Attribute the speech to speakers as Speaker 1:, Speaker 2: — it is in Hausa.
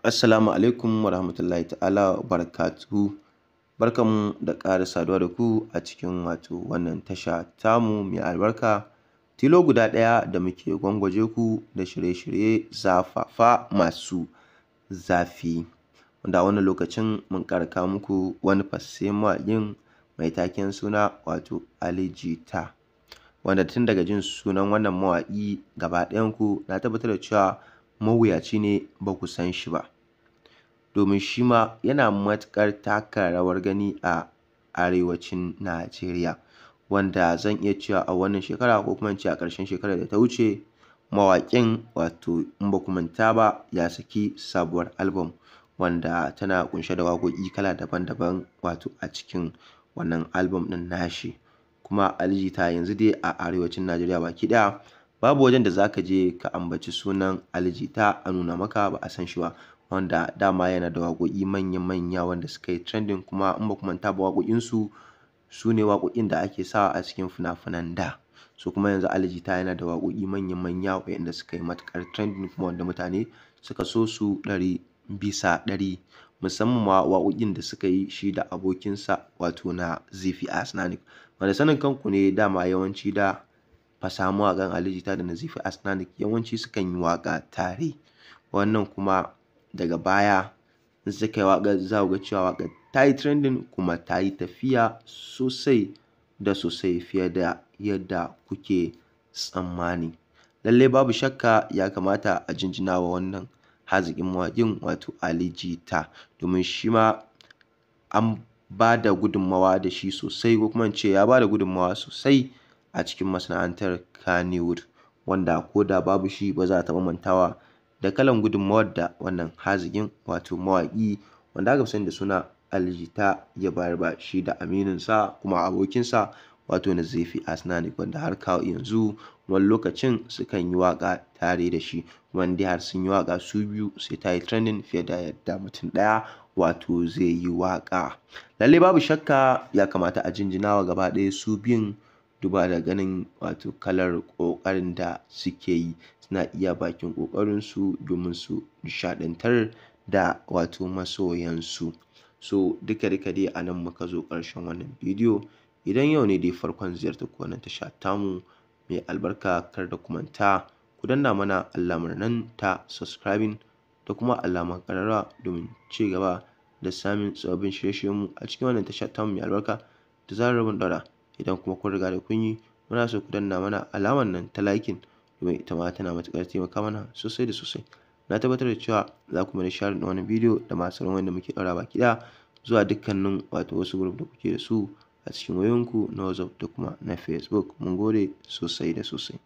Speaker 1: Assalamu alaikum wa rahmatullahi ta'ala wa barakatuhu. barkamu da ƙara saduwa da ku a cikin wato wannan tasha tamu mai albarka. Tilo guda ɗaya da muke gwangwaje ku da shirye-shirye zafafa masu zafi. Wanda wannan lokacin mun karka muku wani fassema yin mai taken suna wato Alijita. Wanda tun daga jin sunan wannan mawaƙi gaba ku na tabbatar da cewa mawuyaci ne ba ku san shi ba. Domin shi ma yana matuƙar taka rawar gani a Arewacin Najeriya, wanda zan iya cewa a wannan shekara ko kuma in ce a ƙarshen shekarar da ta wuce, mawaƙin wato in ba ku manta ba ya saki sabuwar album wanda tana ƙunshe da waƙoƙi kala daban-daban wato a cikin wannan album ɗin nashi. Kuma aliji ta yanzu dai a Arewacin Najeriya baki ɗaya babu wajen da zaka je ka ambaci sunan aljita a nuna maka ba a san shi ba wanda dama yana da waƙoƙi manya-manya wanda suka yi trending kuma in ba ku manta ba waƙoƙinsu su ne waƙoƙin da ake sawa a cikin fina-finan da so kuma yanzu aljita yana da waƙoƙi manya-manya waɗanda suka yi matuƙar trending kuma wanda mutane suka so su ɗari bisa ɗari musamman ma waƙoƙin da suka yi shi da abokinsa wato na Zifi Asnanik wanda sanin kanku ne dama yawanci da fasahan mawaƙan Ali Jita da Nazifi Asnanik yawanci sukan yi waƙa tare wannan kuma daga baya in suka yi waƙar za ga cewa waƙar ta yi trending kuma ta yi tafiya sosai da sosai fiye da yadda kuke tsammani lallai babu shakka ya kamata a jinjina wa wannan haziƙin mawaƙin wato Ali Jita domin shi ma an ba da gudunmawa da shi sosai ko kuma in ce ya ba da gudunmawa sosai a cikin masana'antar Kannywood wanda ko da babu shi ba za a taɓa mantawa da kalan gudunmawar da wannan hazigin wato mawaƙi wanda aka fi sani da suna aljita ya bayar ba shi da amininsa kuma abokinsa wato zefi Asnani wanda har kawo yanzu wani lokacin sukan yi waƙa tare da shi wanda har sun yi waƙa su biyu sai ta yi trenin fiye da yadda mutum ɗaya wato zai yi waƙa lalle babu shakka ya kamata a jinjinawa gaba ɗaya su biyun duba da ganin wato kalar ƙoƙarin da suke yi suna iya bakin ƙoƙarinsu domin su nishaɗantar da wato masoyansu. So duka duka dai a nan muka zo ƙarshen wannan bidiyo. Idan yau ne dai farkon ziyartar ku wannan tasha tamu mai albarka kar da ku manta ku danna mana alamar nan ta subscribing da kuma alamar ƙararrawa domin ci gaba da samun sababbin shirye-shiryenmu a cikin wannan tasha tamu mai albarka da zarar mun ɗora. Idan kuma kun riga da kun yi muna so ku danna mana alamar nan ta liking domin ita ma tana matuƙar taimaka mana sosai da sosai. Na tabbatar da cewa za ku mana share wannan bidiyo da masu sauran da muke ɗaura baki ɗaya zuwa dukkanin wato wasu group da kuke da su a cikin wayoyinku na WhatsApp da kuma na Facebook. Mun gode sosai da sosai.